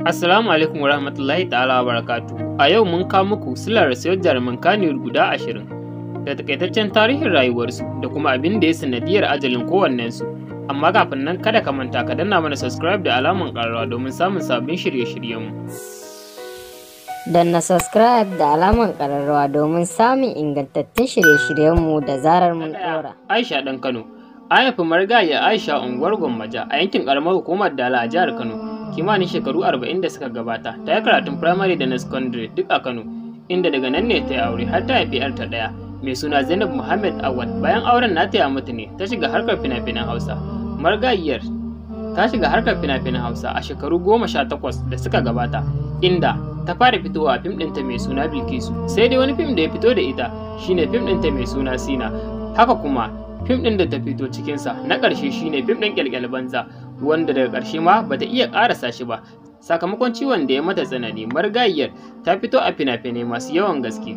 Assalamu alaikum warahmatullahi ta'ala wa barakatu. A yau mun kawo muku silar sayar jaruman kaniyar guda ashirin da takaitaccen tarihin rayuwarsu da kuma abin da ya sanadiyar ajalin kowannensu. Amma kafin nan kada ka manta ka danna mana subscribe da alamun ƙararrawa domin samun sabbin shirye-shiryenmu. Danna subscribe da alamun ƙararrawa domin samun ingantattun shirye-shiryenmu da zarar mun ɗora. Aisha ɗan Kano. An haifi Aisha unguwar Gwammaja a yankin ƙaramar hukumar Dala a jihar Kano. kimanin shekaru 40 da suka gabata ta yi karatun firamare da na secondary duk a kano inda daga nan ne ta yi aure har ta haifi yarta ɗaya mai suna zainab muhammad awad bayan auren nata ya mutu ne ta shiga harkar fina-finan hausa margayiyar ta shiga harkar fina-finan hausa a shekaru goma sha takwas da suka gabata inda ta fara fitowa a fim ɗinta mai suna bilkisu sai dai wani fim da ya fito da ita shine fim ɗinta mai suna sina haka kuma fim ɗin da ta fito cikinsa na ƙarshe shine fim ɗin ƙyalƙyal banza wanda daga ƙarshe ma bata iya ƙarasa shi ba sakamakon ciwon da ya mata tsanani margayyar ta fito a fina-finai masu yawan gaske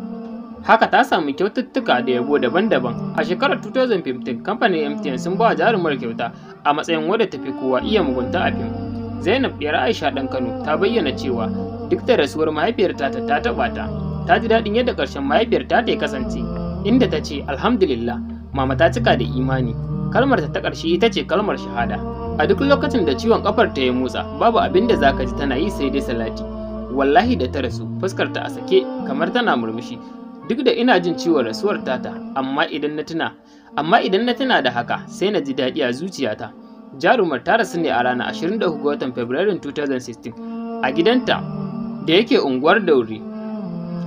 haka ta samu kyaututtuka da yabo daban-daban a shekarar 2015 kamfanin mtn sun ba jarumar kyauta a matsayin wadda tafi kowa iya mugunta a fim zainab ɗiyar aisha ɗan kano ta bayyana cewa duk da rasuwar mahaifiyarta ta taɓa ta ta ji daɗin yadda ƙarshen mahaifiyarta ta ya kasance inda ta ce alhamdulillah mama ta cika da imani Kalmarta ta ƙarshe ita ce kalmar shahada a duk lokacin da ciwon kafar ta ya motsa babu abin da zaka ji tana yi sai dai salati wallahi da ta rasu fuskar ta a sake kamar tana murmushi duk da ina jin ciwon rasuwar tata amma idan na tuna amma idan na tuna da haka sai na ji daɗi a zuciyata jarumar ta rasu ne a ranar 23 ga watan fabrairun 2016 a gidanta da yake unguwar dauri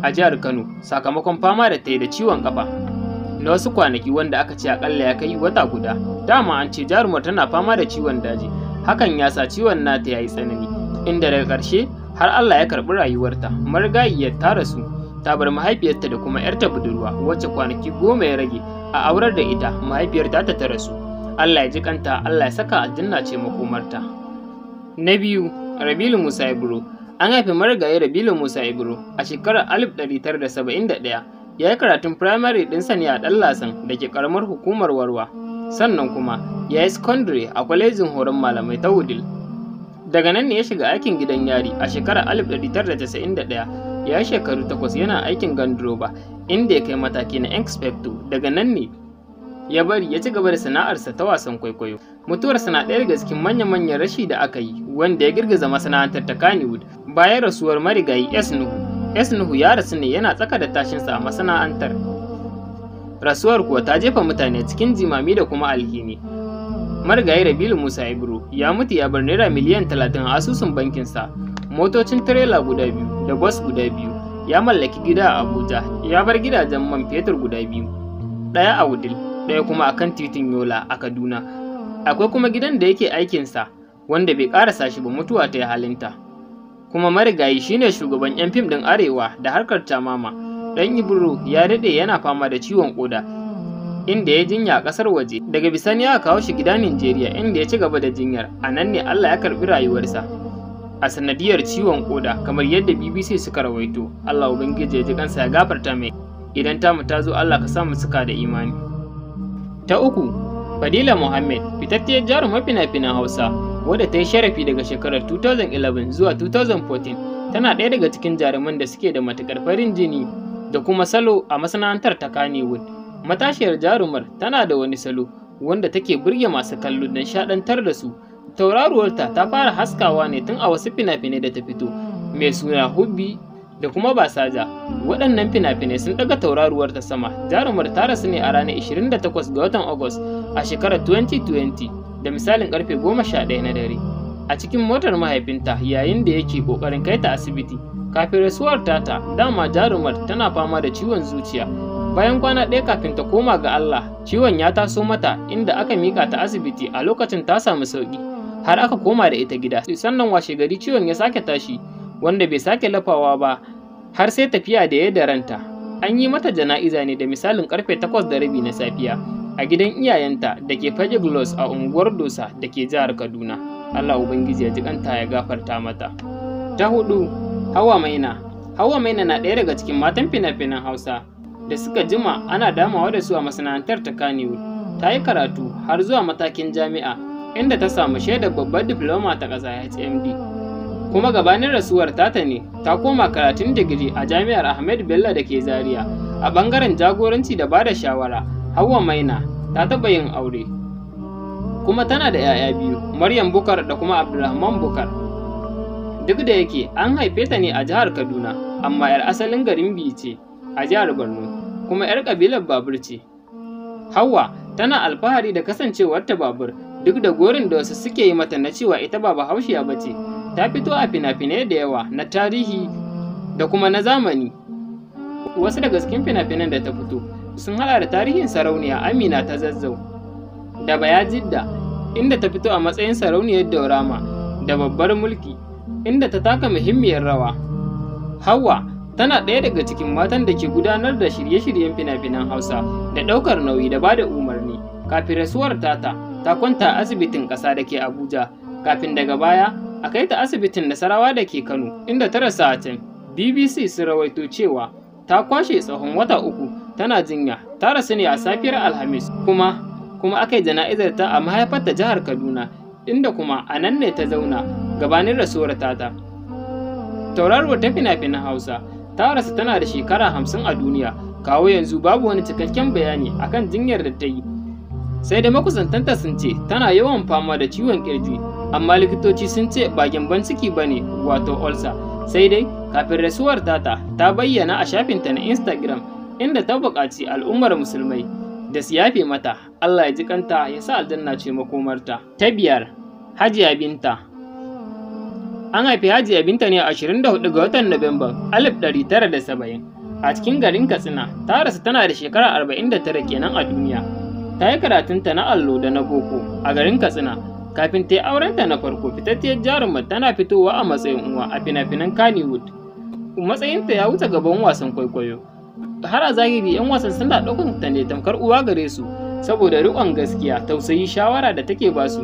a jihar kano sakamakon fama da ta yi da ciwon kafa na wasu kwanaki wanda aka ce akalla ya kai wata guda dama an ce jarumar tana fama da ciwon daji hakan ya sa ciwon nata ya yi tsanani inda daga ƙarshe har Allah ya karɓi rayuwarta marigayiyar ta rasu ta bar mahaifiyarta da kuma 'yarta budurwa wacce kwanaki goma ya rage a aurar da ita mahaifiyar ta ta rasu Allah ya ji kanta Allah ya saka aljanna ce makomarta na biyu Rabilu Musa Ibro an haifi marigayi Rabilu Musa Ibro a shekarar 1971 ya yi karatun firamare ɗinsa ne a Ɗanlasan da ke ƙaramar hukumar warwa sannan kuma ya yi secondary a kwalejin horon malamai ta wudil daga nan ne ya shiga aikin gidan yari a shekarar 1991 ya shekaru takwas yana aikin ganduroba inda ya kai mataki na inspector daga nan ne ya bari ya ci gaba da sana'arsa ta wasan kwaikwayo mutuwarsa na ɗaya daga cikin manya-manyan rashi da aka yi wanda ya girgiza masana'antar ta Kannywood bayan rasuwar marigayi S. Nuhu Esnuhu ya rasu ne yana tsaka da tashinsa a masana'antar. Rasuwar kuwa ta jefa mutane cikin jimami da kuma alhini. Marigayi Rabilu Musa Ibro ya mutu ya bar naira miliyan talatin a asusun bankinsa, motocin tirela guda biyu da bas guda biyu, ya mallaki gida a Abuja, ya bar gidajen man fetur guda biyu, ɗaya a Wudil, ɗaya kuma a kan titin Yola a Kaduna. Akwai kuma gidan da yake aikinsa, wanda bai ƙarasa shi ba mutuwa ta yi halinta. kuma marigayi shine shugaban 'yan fim ɗin arewa da harkar tamama ɗan ibro ya daɗe yana fama da ciwon koda inda ya jinya a ƙasar waje daga bisani ya kawo shi gidan Nijeriya inda ya ci gaba da jinyar a nan ne Allah ya karɓi rayuwarsa a sanadiyar ciwon koda kamar yadda BBC suka rawaito Allah ubangiji ya ji kansa ya gafarta mai idan tamu ta zo Allah ka sa mu suka da imani ta uku Fadila Muhammad fitattiyar jarumar fina-finan Hausa wadda ta yi sharafi daga shekarar 2011 zuwa 2014 tana ɗaya daga cikin jaruman da suke da matuƙar farin jini da kuma salo a masana'antar ta Kannywood. Matashiyar jarumar tana da wani salo wanda take burge masu kallo don shaɗantar da su. Tauraruwarta ta fara haskawa ne tun a wasu fina-finai da ta fito mai suna Hubbi da kuma Basaja. Waɗannan fina-finai sun ɗaga tauraruwarta sama. Jarumar ta rasu ne a ranar 28 ga watan Agus a shekarar 2020. da misalin karfe goma sha ɗaya na dare a cikin motar mahaifinta yayin da yake ƙoƙarin kai ta asibiti kafin rasuwar tata dama jarumar tana fama da ciwon zuciya bayan kwana ɗaya kafin ta koma ga Allah ciwon ya taso mata inda aka mika ta asibiti a lokacin ta samu sauƙi har aka koma da ita gida sannan washe gari ciwon ya sake tashi wanda bai sake lafawa ba har sai tafiya da ya da ranta an yi mata jana'iza ne da misalin karfe takwas da rabi na safiya a gidan iyayenta da ke Fage Blues a unguwar Dosa da ke jihar Kaduna. Allah Ubangiji ya ji kanta ya gafarta mata. Ta hudu, Hawa Maina. Hawa Maina na ɗaya daga cikin matan fina-finan Hausa da suka jima ana damawa da su a masana'antar ta Kaniwu. Ta yi karatu har zuwa matakin jami'a inda ta samu shaidar babbar diploma ta ƙasa HMD. kuma gabanin rasuwar tata ne ta koma karatun digiri a jami'ar ahmed bello da ke zaria a bangaren jagoranci da bada shawara Hauwa Maina ta taɓa yin aure kuma tana da 'ya'ya biyu Maryam Bukar da kuma Abdulrahman Bukar. Duk da yake an haife ta ne a jihar Kaduna amma 'yar asalin garin biyu ce a jihar Borno kuma 'yar ƙabilar Babur ce. Hauwa tana alfahari da kasancewarta Babur duk da gorin da wasu suke yi mata na cewa ita ba Bahaushiya ba ce. Ta fito a fina-finai da yawa na tarihi da kuma na zamani. Wasu daga cikin fina-finan da ta fito sun hada da tarihin sarauniya Amina ta zazzau da Bayajidda inda ta fito a matsayin sarauniyar Daurama da babbar mulki inda ta taka muhimmiyar rawa. Hawwa tana ɗaya daga cikin matan da ke gudanar da shirye-shiryen fina-finan Hausa da ɗaukar nauyi da bada umarni kafin rasuwar tata ta kwanta asibitin ƙasa da ke Abuja kafin daga baya a kai ta asibitin da sarawa da ke Kano inda ta rasa a can. BBC sun rawaito cewa ta kwashe tsawon wata uku tana jinya ta rasu ne a safiyar alhamis kuma kuma aka yi jana'izar ta a mahaifar ta jihar kaduna inda kuma a nan ne ta zauna gabanin rasuwar tata tauraro ta fina-finan hausa ta rasu tana da shekara hamsin a duniya kawo yanzu babu wani cikakken bayani akan jinyar da ta yi sai da makusantanta sun ce tana yawan fama da ciwon kirji amma likitoci sun ce ba gyamban ciki ba ne wato olsa sai dai kafin rasuwar tata ta bayyana a shafinta na instagram inda ta buƙaci al'ummar musulmai da su yafe mata Allah ya ji kanta ya sa aljanna ce makomarta. Ta biyar Hajiya Binta An haifi Hajiya Binta ne a 24 ga watan Nuwamban 1970 a cikin garin Katsina ta rasu tana da shekara 49 kenan a duniya. Ta yi karatunta na allo da na boko a garin Katsina kafin ta yi aurenta na farko fitattiyar jarumar tana fitowa a matsayin uwa a fina-finan Kannywood. Matsayinta ya wuce gaban wasan kwaikwayo. har a zahiri 'yan wasan suna ɗaukan ta ne tamkar uwa gare su saboda riƙon gaskiya tausayi shawara da take ba su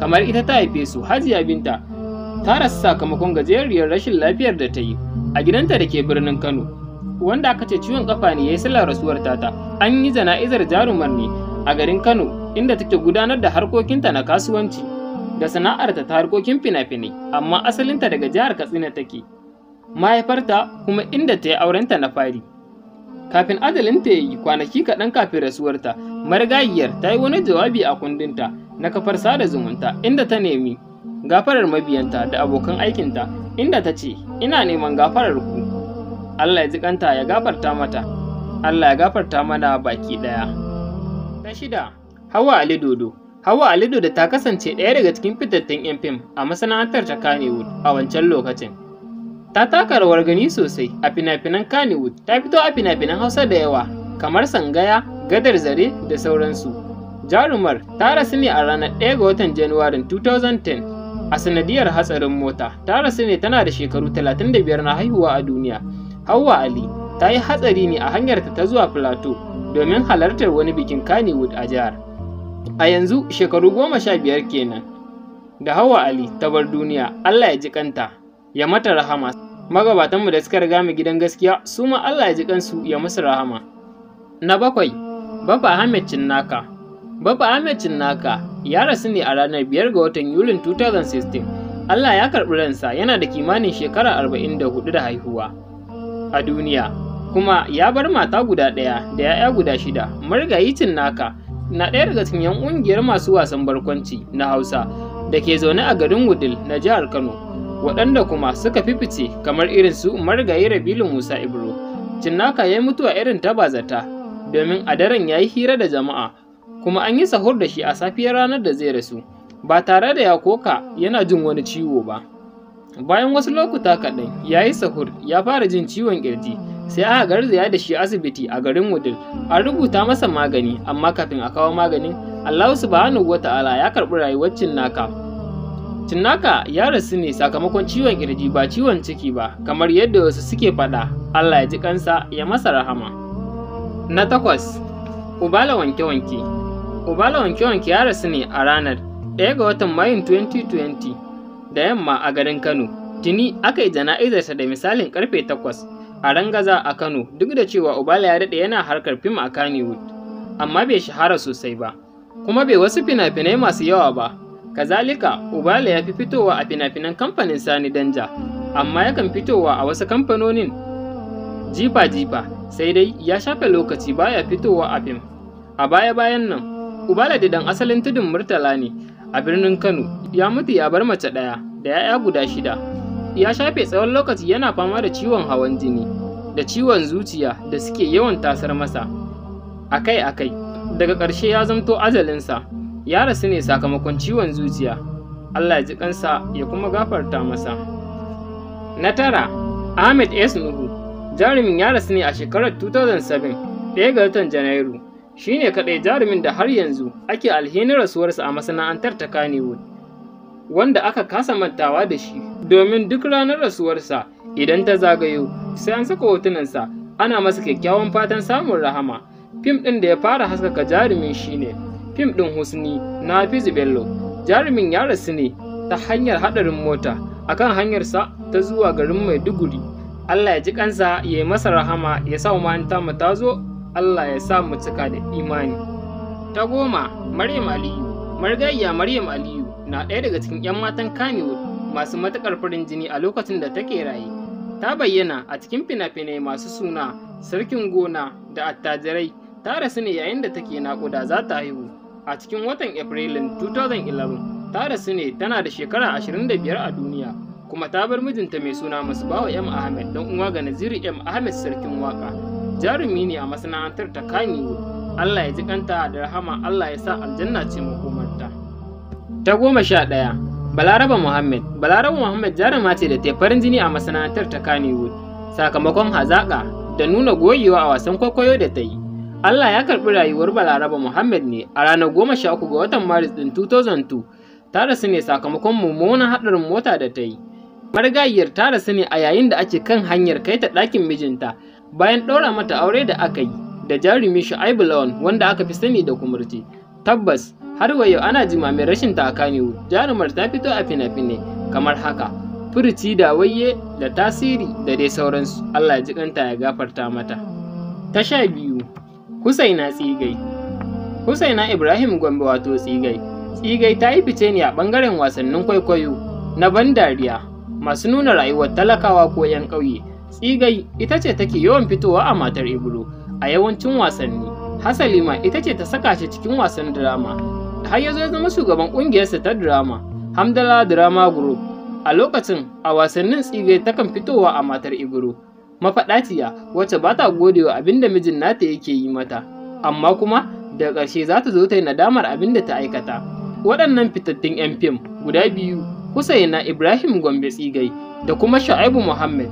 kamar ita ta haife su hajiya binta ta rasa sakamakon gajeriyar rashin lafiyar da ta yi a gidanta da ke birnin kano wanda aka ce ciwon kafa ne ya yi silar rasuwar tata an yi jana'izar jarumar ne a garin kano inda take gudanar da harkokinta na kasuwanci da sana'arta ta harkokin fina-finai amma asalinta daga jihar katsina take mahaifarta kuma inda ta yi aurenta na fari kafin adalin ya yi kwanaki kaɗan kafin rasuwarta marigayiyar ta yi wani jawabi a kundinta na kafar sada zumunta inda ta nemi gafarar mabiyanta da abokan aikinta inda ta ce ina neman gafarar ku Allah ya jikanta ya gafarta mata Allah ya gafarta mana baki ɗaya ta shida Hawa Ali Dodo Hawa Ali Dodo ta kasance ɗaya daga cikin fitattun 'yan fim a masana'antar ta Kannywood a wancan lokacin ta taka rawar gani sosai a fina-finan Kannywood ta fito a fina-finan Hausa da yawa kamar Sangaya, Gadar Zare da sauransu. Jarumar ta rasu ne a ranar 1 ga watan Januwarin 2010 a sanadiyar hatsarin mota ta rasu ne tana da shekaru 35 na haihuwa a duniya. Hauwa Ali ta yi hatsari ne a hanyarta ta zuwa Plateau domin halartar wani bikin Kannywood a jihar. A yanzu shekaru goma sha biyar kenan da Hauwa Ali ta bar duniya Allah ya ji kanta ya mata rahama magabatanmu da suka riga mu gidan gaskiya su ma Allah ya ji kansu ya musu rahama. Na bakwai, Baba Ahmed Cinnaka Baba Ahmed Cinnaka ya rasu ne a ranar 5 ga watan Yulin 2016. Allah ya karɓi ransa yana da kimanin shekara 44 da haihuwa a duniya. Kuma ya bar mata guda ɗaya da ‘ya'ya guda shida, marigayi Cinnaka na ɗaya daga cikin 'yan ƙungiyar masu wasan barkwanci na Hausa da ke zaune a garin Wudil na jihar Kano. waɗanda kuma suka fifice kamar irin su marigayi rabilu musa ibro cinnaka ya yi mutuwa irin ta bazata domin a daren ya yi hira da jama'a kuma an yi sahur da shi a safiyar ranar da zai rasu ba tare da ya koka yana jin wani ciwo ba bayan wasu lokuta kaɗan ya yi sahur ya fara jin ciwon ƙirji sai aka garzaya da shi asibiti a garin wudil an rubuta masa magani amma kafin a kawo maganin allahu subhanahu wa ta'ala ya karɓi rayuwar cinnaka Tunaka ya rasu ne sakamakon ciwon kirji ba ciwon ciki ba, kamar yadda wasu suke faɗa, Allah ya ji kansa ya masa rahama. Na takwas, Ubala wanke-wanke. Ubala wanke-wanke ya rasu ne a ranar 1 ga watan Mayun 2020 da yamma a garin Kano. Tuni aka yi jana'izarsa da misalin karfe takwas a rangaza a Kano duk da cewa Ubala ya daɗe yana harkar fim a Kannywood, amma bai shahara sosai ba, kuma bai wasu fina-finai masu yawa ba. Kazalika, Ubala ya fi fitowa a fina-finan kamfanin Sani Danja, amma yakan fitowa a wasu kamfanonin jifa-jifa, sai dai ya shafe lokaci baya fitowa a fim. A baya-bayan nan, Ubala da dan asalin tudun Murtala ne a birnin Kano, ya mutu ya bar mace ɗaya da ‘ya'ya guda shida. Ya shafe tsawon lokaci yana fama da ciwon hawan jini, da ciwon zuciya da suke yawan tasar masa, akai-akai, daga ƙarshe ya zamto ajalinsa. ya rasu ne sakamakon ciwon zuciya Allah ji kansa ya kuma gafarta masa na tara Ahmed S. Nuhu jarumin ya rasu ne a shekarar 2007 ɗaya ga watan Janairu shi ne kaɗai jarumin da har yanzu ake alhinin rasuwarsa a masana'antar ta Kanewood, wanda aka kasa mantawa da shi domin duk ranar rasuwarsa idan ta zagayo sai an saka hotunansa ana masa kyakkyawan fatan samun rahama fim ɗin da ya fara haskaka jarumin shine fim ɗin husni na fizi bello jarumin ya rasu ne ta hanyar haɗarin mota akan hanyarsa ta zuwa garin maiduguri allah ya ji kansa ya yi masa rahama ya sa manta mu ta zo allah ya sa mu cika da imani ta goma maryam aliyu margayya maryam aliyu na ɗaya daga cikin 'yan matan kamewood masu matuƙar farin jini a lokacin da take raye ta bayyana a cikin fina-finai masu suna sarkin gona da attajirai ta rasu ne yayin da take naƙuda za ta haihu a cikin watan Afrilun 2011 ta rasu ne tana da shekara 25 a duniya kuma ta bar mijinta mai suna Musbawa M Ahmed don uwa ga Naziru M Ahmed sarkin waka jarumi ne a masana'antar ta kani Allah ya ji kanta da rahama Allah ya sa aljanna ce makomarta ta goma sha ɗaya Balaraba Muhammad Balaraba Muhammad jaruma ce da ta farin jini a masana'antar ta kani sakamakon hazaƙa da nuna goyewa a wasan kwaikwayo da ta yi Allah ya karɓi rayuwar Balaraba Muhammad ne a ranar goma sha uku ga watan Maris ɗin 2002 ta rasu ne sakamakon mummunan haɗarin mota da ta yi. Marigayiyar ta rasu ne a yayin da ake kan hanyar kai ta ɗakin mijinta bayan ɗora mata aure da aka yi da jarumi Shu'aibu Lawan wanda aka fi sani da kumurce, Tabbas har wa yau ana jimamin rashin ta a jarumar ta fito a fina-finai kamar haka. Furuci da waye da tasiri da dai sauransu Allah ya ji ya gafarta mata. Ta sha biyu Husaina Tsigai Husaina Ibrahim Gombe wato Tsigai Tsigai ta yi fice ne a ɓangaren wasannin kwaikwayo na ban dariya masu nuna rayuwar talakawa ko 'yan ƙauye. Tsigai ita ce take yawan fitowa a matar Ibro a yawancin wasanni. Hasali ma ita ce ta saka shi cikin wasan drama. Har ya ya zama shugaban ƙungiyarsa ta drama, Hamdala Drama Group. A lokacin a wasannin Tsigai takan fitowa a matar Ibro. mafaɗaciya wacce ba ta godewa abin da mijin nata yake yi mata amma kuma da ƙarshe za ta zo ta yi nadamar abin da ta aikata waɗannan fitattun 'yan fim guda biyu husaina ibrahim gombe tsigai da kuma sha'ibu muhammad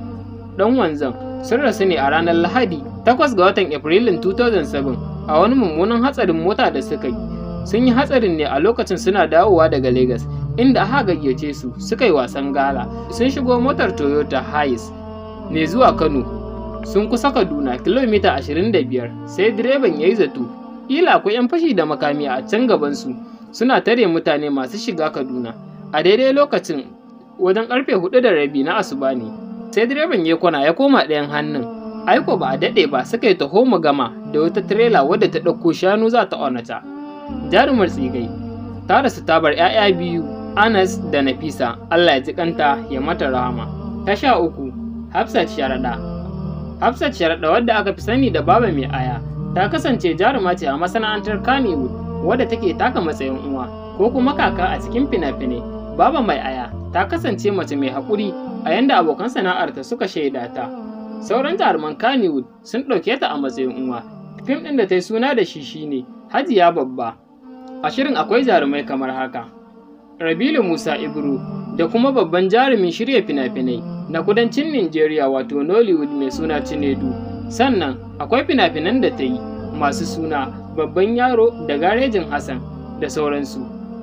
ɗan wanzan sun rasu ne a ranar lahadi 8 ga watan afrilun 2007 a wani mummunan hatsarin mota da suka yi sun yi hatsarin ne a lokacin suna dawowa daga Legas, inda aka gayyace su suka yi wasan gala sun shigo motar toyota Hayes. Ne zuwa Kano sun kusa Kaduna kilomita 25 sai direban ya yi zato kila akwai 'yan fashi da makami a can gabansu suna tare mutane masu shiga Kaduna a daidai lokacin wajen karfe hudu da rabi na asuba ne sai direban ya kwana ya koma ɗayan hannun aiko ba a daɗe ba suka yi taho gama da wata tirela wadda ta ɗauko shanu za ta onata jarumar tsigai ta rasu tabar bar 'ya'ya biyu anas da nafisa allah ya ji kanta ya mata rahama ta sha uku Hafsat Sharaɗa. Hafsat Sharaɗa wadda aka fi sani da Baba Mai Aya ta kasance jaruma ce a masana'antar Kannywood wadda take taka matsayin uwa ko kuma kaka a cikin fina-finai. Baba Mai Aya ta kasance mace mai haƙuri a yanda abokan sana'arta suka shaida ta. Sauran jaruman Kannywood sun ɗauke ta a matsayin uwa. Fim ɗin da ta yi suna da shi shine Hajiya Babba. A shirin akwai jarumai kamar haka. Rabilu Musa Ibru da kuma babban jarumin shirya fina-finai na kudancin Nijeriya wato Nollywood mai suna Chinedu, Sannan akwai fina-finan da ta yi masu suna Babban Yaro da Garejin Hassan da sauransu.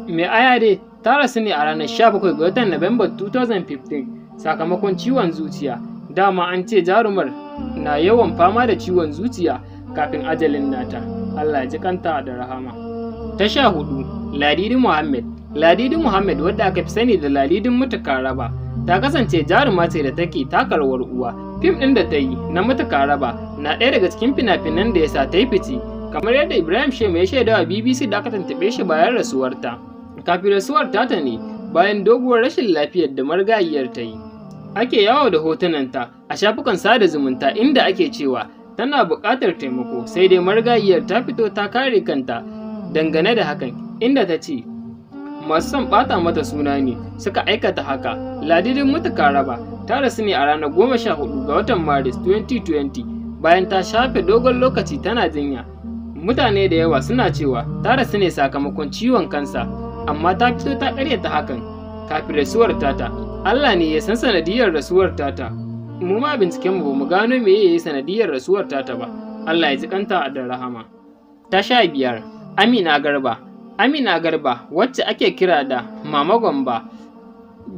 Mai ayade ta rasu ne a ranar 17 ga watan Nuwamba 2015 sakamakon ciwon zuciya. Dama an ce jarumar na yawan fama da ciwon zuciya kafin ajalin nata. Allah ji kanta da rahama. Ta sha hudu, Ladidi Muhammad. Ladidi Muhammad wadda aka fi sani da Ladidin raba. ta kasance jaruma ce da take taka rawar uwa fim ɗin da ta yi na matuka raba na ɗaya daga cikin fina-finan da ya sa ta yi fice kamar yadda ibrahim shema ya shaidawa bbc da aka tuntuɓe shi bayan rasuwarta kafin rasuwar ta ne bayan doguwar rashin lafiyar da marigayiyar ta yi ake yawo da hotunanta a shafukan sada zumunta inda ake cewa tana buƙatar taimako sai dai marigayiyar ta fito ta kare kanta dangane da hakan inda ta ce masu son bata mata suna ne suka aikata haka ladidin mutuka raba, ta rasu ne a ranar goma sha hudu ga watan maris 2020 bayan ta shafe dogon lokaci tana jinya mutane da yawa suna cewa ta rasu ne sakamakon ciwon kansa amma ta fito ta karyata hakan kafin rasuwar tata allah ne ya san sanadiyar rasuwar tata mu ma binciken mu mu gano me ya yi sanadiyar rasuwar tata ba allah ya ji kanta da rahama ta sha biyar amina garba Amina Garba wacce ake kira da Mama Gwamba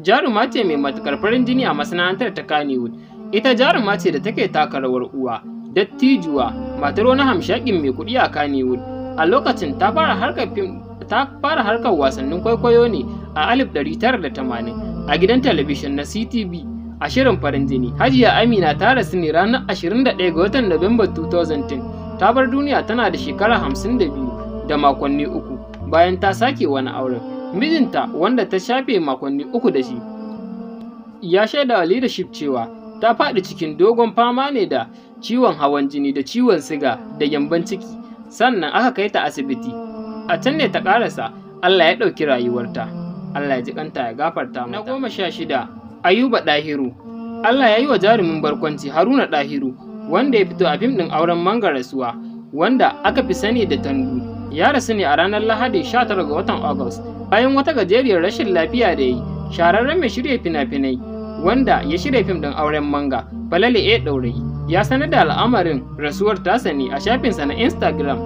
jaruma ce mai matukar farin jini a masana'antar ta Kannywood. Ita jaruma ce da take taka rawar uwa, dattijuwa, matar wani hamshakin mai kuɗi a Kannywood. A lokacin ta fara harkar fim ta fara harkar wasannin kwaikwayo ne a 1980 a gidan talabijin na CTV a shirin farin jini. Hajiya Amina ta rasu ne ranar 21 ga watan Nuwamba 2010. Ta bar duniya tana da shekara 52 da makonni uku. bayan ta sake wani auren. Mijinta wanda ta shafe makonni uku da shi ya shaida wa leadership cewa ta faɗi cikin dogon fama ne da ciwon hawan jini da ciwon siga da yamban ciki sannan aka kai ta asibiti a can ne ta ƙarasa Allah ya ɗauki rayuwarta Allah ya ji ƙanta ya gafarta mata na goma sha shida Ayuba Ɗahiru Allah ya yi wa jarumin barkwanci Haruna Ɗahiru wanda ya fito a fim ɗin auren mangarasuwa, wanda aka fi sani da tandu ya rasu ne a ranar Lahadi 19 ga watan agust bayan wata gajeriyar rashin lafiya da yi shararren mai shirya fina-finai wanda ya shirya fim din auren manga Balale A Ɗaurayi ya sanar da al'amarin rasuwar tasa ne a shafinsa na Instagram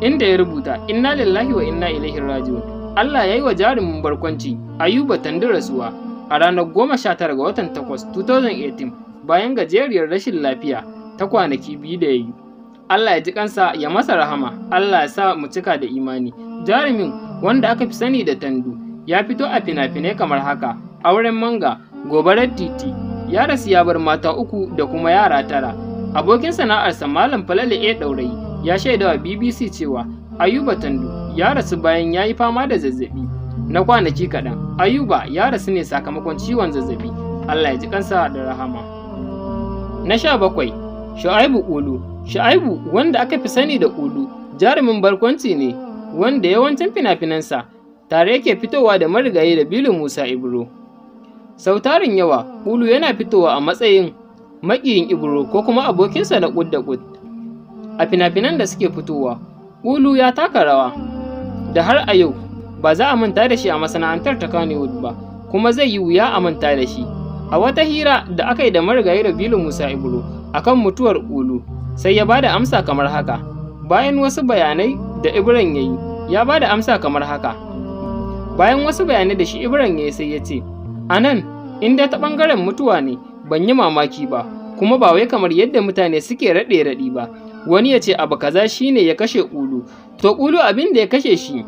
inda ya rubuta inna lillahi wa inna ilaihi raji'un Allah ya yi wa jarumin barkwanci Ayuba Tandu rasuwa a ranar goma ga watan takwas 2018 bayan gajeriyar rashin lafiya ta kwanaki biyu da ya Allah ya ji kansa ya masa rahama, Allah ya sa mu cika da imani. Jarumin wanda aka fi sani da tandu ya fito a fina-finai kamar haka, auren manga, gobarar titi, ya rasu ya bar mata uku da kuma yara tara. Abokin sana'arsa Malam Falale A ɗaurayi ya shaida wa BBC cewa Ayuba Tandu ya rasu bayan ya yi fama da zazzabi. Na kwanaki kaɗan, Ayuba ya rasu ne sakamakon ciwon zazzabi. Allah ya ji kansa da rahama. Na sha bakwai, Shu'aibu Ulu Shu'aibu wanda aka fi sani da Ulu, jarumin barkwanci ne wanda yawancin fina-finansa tare yake fitowa da marigaye da Bilu Musa Ibro. Sau tarin yawa, Ulu yana fitowa a matsayin maƙiyin Ibro ko kuma abokinsa na ƙud da ƙud. A fina-finan da suke fitowa, Ulu ya taka rawa, da har a yau ba za a manta da shi a masana'antar ta Kanewood ba, kuma zai yi wuya a manta da shi. A wata hira da aka yi da marigayi da Bilu Musa Ibro a kan mutuwar Ulu, sai ya ba da amsa kamar haka bayan wasu bayanai da ibran ya yi ya ba da amsa kamar haka bayan wasu bayanai da shi ibran ya yi sai ya ce a nan inda ta ɓangaren mutuwa ne ban yi mamaki ba kuma ba wai kamar yadda mutane suke raɗe-raɗi ba wani ya ce abu kaza shi ne ya kashe ƙulu to ƙulu abin da ya kashe shi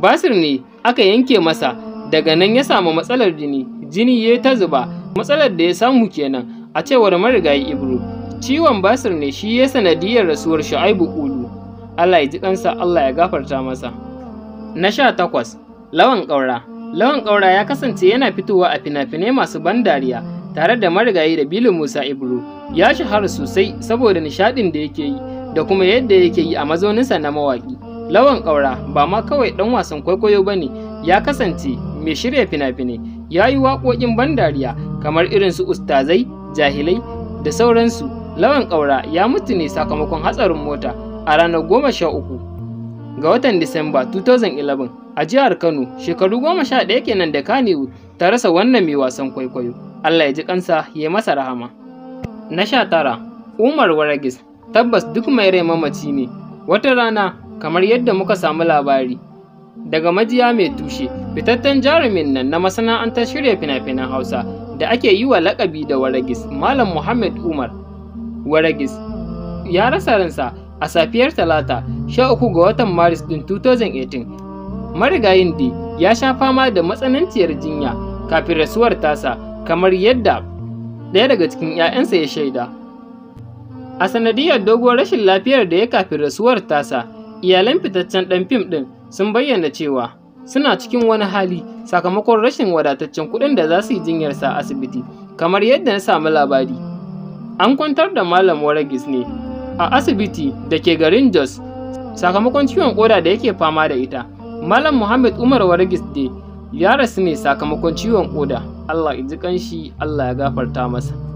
basir ne aka yanke masa daga nan ya samu matsalar jini jini ya ta zuba matsalar da ya samu kenan a cewar marigayi ibro ciwon basir ne shi ya sanadiyar rasuwar shu'aibu ulu allah ya ji kansa allah ya gafarta masa na sha takwas lawan ƙaura lawan ƙaura ya kasance yana fitowa a fina-finai masu ban dariya tare da marigayi da bilu musa ibro ya shahara sosai saboda nishaɗin da yake yi da kuma yadda yake yi a mazauninsa na mawaƙi lawan ƙaura ba ma kawai ɗan wasan kwaikwayo ba ne ya kasance mai shirya fina-finai ya yi waƙoƙin ban dariya kamar irin su ustazai jahilai da sauransu Lawan ƙaura ya mutu ne sakamakon hatsarin mota a ranar goma sha uku ga watan Disamba 2011 a jihar Kano shekaru goma sha ɗaya kenan da Kanewu ta rasa wannan mai wasan kwaikwayo. Allah ya ji kansa ya masa rahama. Na sha tara Umar Waragis tabbas duk mai rai mamaci ne wata rana kamar yadda muka samu labari daga majiya mai tushe fitatten jarumin nan na masana'antar shirya fina-finan Hausa da ake yi wa lakabi da Waragis Malam Muhammad Umar waragis ya rasa ransa a safiyar talata 13 ga watan maris ɗin 2018 marigayin di ya sha fama da matsananciyar jinya kafin rasuwar tasa kamar yadda ɗaya daga cikin 'ya'yansa ya shaida a sanadiyar doguwar rashin lafiyar da ya kafin rasuwar tasa iyalan fitaccen ɗan fim ɗin sun bayyana cewa suna cikin wani hali sakamakon rashin wadataccen kuɗin da za su yi jinyarsa a asibiti kamar yadda na samu labari An kwantar da Malam Waragis ne a asibiti da ke garin Jos sakamakon ciwon koda da yake fama da ita. Malam Muhammad Umar Waragis ne ya rasu ne sakamakon ciwon koda. Allah ya ji kanshi, Allah ya gafarta masa.